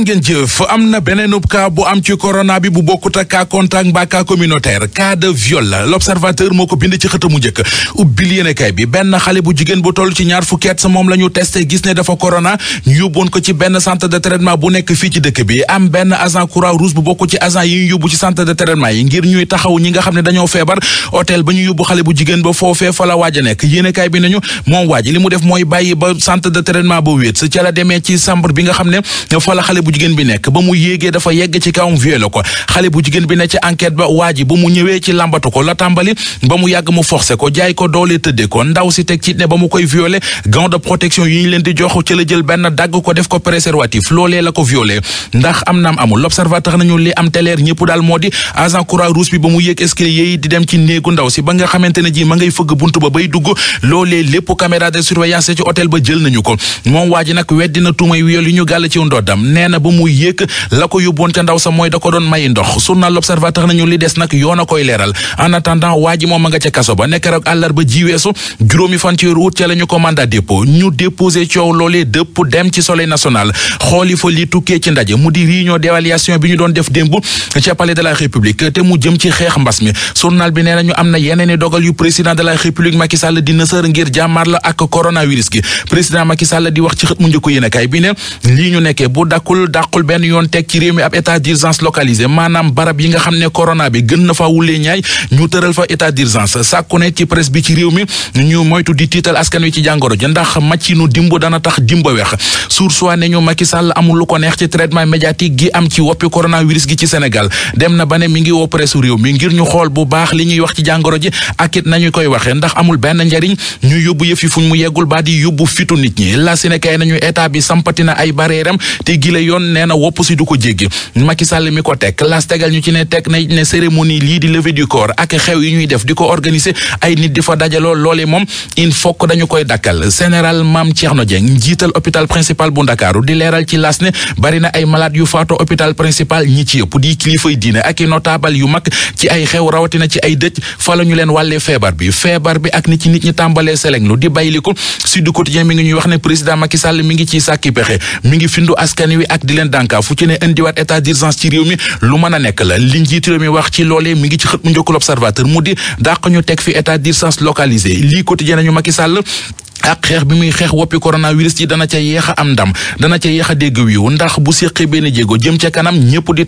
ngeen jëf am na beneen cas bu am ci corona bi bu bokkut ak cas contact mbaa cas communautaire cas de viol l'observateur moo ko bind ci xëtamu njëkk ubbil yéenekaay bi benn xale bu jigéen bu toll ci ñaar fukki sa moom la ñu testé gis ne dafa corona ñu yóbboon ko ci benn centre de traitement bu nekk fii ci dëkk bi am benn agent Croix-Rouge bu bokk ci agent yi ñu yóbbu ci centre de traitement yi ngir ñuy taxaw ñi nga xam ne dañoo feebar hôtel ba ñu yóbbu xale bu jigéen ba foofee fa la waaj a nekk yéenekaay bi nañu moom waaj li mu def mooy bàyyi ba centre de traitement ba wéet ca la demee ci chambre xam ne bu jigéen bi nekk ba mu yéegee dafa yegg ci kawam violé ko xale bu jigéen bi ne ci enquête ba waa ji ba mu ñëwee ci làmbatu ko la tàmbali ba mu yàgg mu forcé ko jaay ko doole tëddee ko ndaw si teg ci ne ba mu koy violé gant protection yi ñu leen di jox ci la jël benn dagg ko def ko préservatif loolee la ko violé ndax am naam amul l'observateur nañu li am teleer ñëpp daal moo di agent croix rouge bi ba mu yéeg escalier yi di dem ci néegu ndaw ba mu yéeg la ko yóbboon ca ndaw sa mooy da ko doon may ndox journal l'observateur nañu li des nag yoon a koy leeral en attendant waa moom a nga ca kaso ba nekk rek àllarba ji juróomi fan ci wut ca la ko mandat dépôt ñu déposé coow loolee dëpp dem ci soleil national xooli fa li tukkee ci ndaje mu di réunion d'évaluation bi ñu doon def démb ca de la république te mu jëm ci xeex mbas mi journal bi nee nañu am na yeneen i dogal yu président de la di a terewul dàqul benn yoon teg ci réew mi ab état d'urgence localisé maanaam barab yi nga xam ne corona bi gën na fa wulee ñaay ñu tëral fa état d'urgence sàkku ne ci presse bi ci réew mi ñu moytu di tiital askan wi ci jàngoro ji ndax màccinu dimbo dana tax dimba weex sur soit ne ñu Macky Sall amul lu ko neex ci traitement médiatique gi am ci woppi coronavirus gi ci Sénégal dem na ba ne mi ngi woo presse réew mi ngir ñu xool bu baax li ñuy wax ci jàngoro ji ak it nañu koy waxee ndax amul benn njariñ ñu yóbbu yëf yi fuñ mu yeggul ba di yóbbu fitu nit ñi la Sénégal bi sampatina ay bareeram yoon nee na wopp si du ko jéggi Macky Sall mi ko teg las tegal ñu ci ne teg na ne cérémonie lii di levée du corps ak xew yi ñuy def di ko organiser ay nit di fa dajaloo loolee moom il faut que dañu koy dakkal général Mame Thierno Dieng njiital opital principal bu Ndakaaru di leeral ci las ne bari na ay malaat yu faatu hôpital principal ñi ci yëpp di kilifay diine ak i notable yu mag ci ay xew rawatina ci ay dëj fa la ñu leen wàllee feebar bi feebar bi ak ni ci nit ñi tàmbalee seleng lu di bayliku Sud Quotidien mi ngi ñuy wax ne président Macky Sall mi ngi ciy sàkki pexe mi ngi findu askan di leen dànkaa fu ci ne indiwaat état d'urgence ci réew mi lu mën a nekk la li njiit réew mi wax ci loolee mi ngi ci xët mu njëkkul observateur mu di dàq ñu teg fi état d'urgence localisé lii quotidien nañu Macky Sall ak xeex bi muy xeex woppi coronavirus yi dana ca yeex a am ndam dana ca yeex a dégg wiiw ndax bu séqee benn jéego jëm ca kanam ñëpp di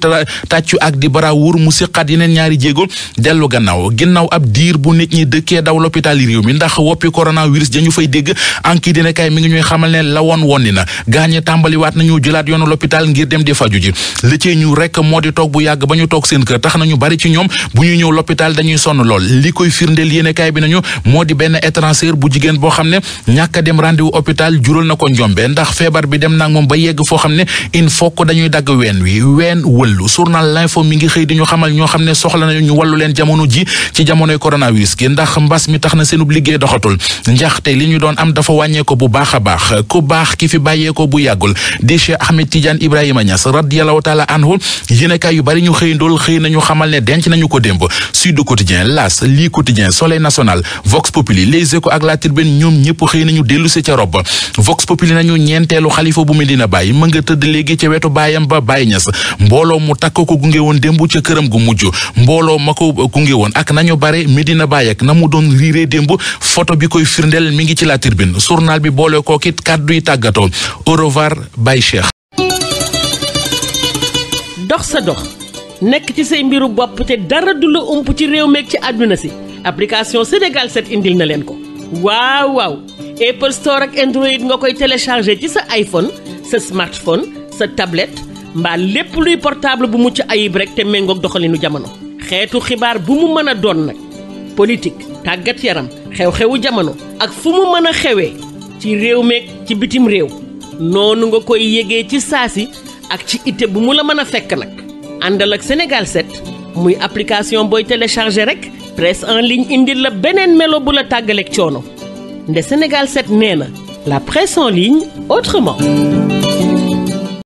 tàccu ak di barawur mu séqaat yeneen ñaari jéego dellu gannaaw gannaaw ab diir bu nit ñi dëkkee daw l'hôpital yi réew mi ndax woppi coronavirus dañu fay dégg anki dina kay mi ngi ñuy xamal ne la woon woon ni na gaañe tàmbaliwaat nañu jëlaat yoonu loppitaal ngir dem di faju ji li ci ñu rek moo di toog bu yàgg ba ñu toog seen kër tax nañu bari ci ñoom bu ñu ñëw l'hôpital dañuy sonn lool li koy firndeel yéene kay bi nañu moo di benn étranger bu jigéen boo xam ne ñàkk a dem rendez-vous hôpital jural na ko njombe ndax feebar bi dem nag moom ba yegg foo xam ne il faut que dañuy dagg ween wi ween wëllu journal l'info mi ngi xëy di ñu xamal ñoo xam ne soxla nañu ñu wàllu leen jamono ji ci jamonoy coronavirus gi ndax mbas mi tax na seenub liggéey doxatul njax njaxte li ñu doon am dafa wàññeeko bu baax a baax ku baax ki fi bàyyeeko bu yàggul di Cheikh Ahmed Tidiane Ibrahima Niass radiyallahu taala anhu yéenekaay yu bari ñu xëy ndool xëy nañu xamal ne denc nañu ko démb Sud Quotidien L'As lii Quotidien Soleil National Vox Populi Les Échos ak La Tribune ñoom ñëpp xëy ñu dellu si ca rob vox populi nañu ñeenteelu xalifa bu Medina Baye mën nga tëdd léegi ca wetu baayam ba Baye Niass mbooloo mu takk ko gunge woon démb ca këram gu mujj mbooloo ma ko gunge woon ak nañu bare Medina Baye ak na mu doon riiree démb foto bi koy firndeel mi ngi ci la tribune journal bi boole kookit kàddu yi tàggatoo au revoir Baye dox sa dox nekk ci say mbiru bopp te dara du la ump ci réew meeg ci àdduna si application Sénégal 7 waaw waaw Apple Store ak Android nga koy télécharger ci sa iPhone sa smartphone sa tablet mbaa lépp luy portable bu mucc ayib rek te méngoog doxalinu jamono. xeetu xibaar bu mu mën a doon nag politique tàggat yaram xew-xewu jamono ak fu mu mën a xewee ci réew meeg ci bitim réew noonu nga koy yégee ci saasi ak ci ite bu mu la mën a fekk nag àndal ak Sénégal set muy application booy télécharger rek. presse en ligne indil la beneen melo bu la tàggaleeg coono nde Sénégal 7 nee na la presse en ligne autrement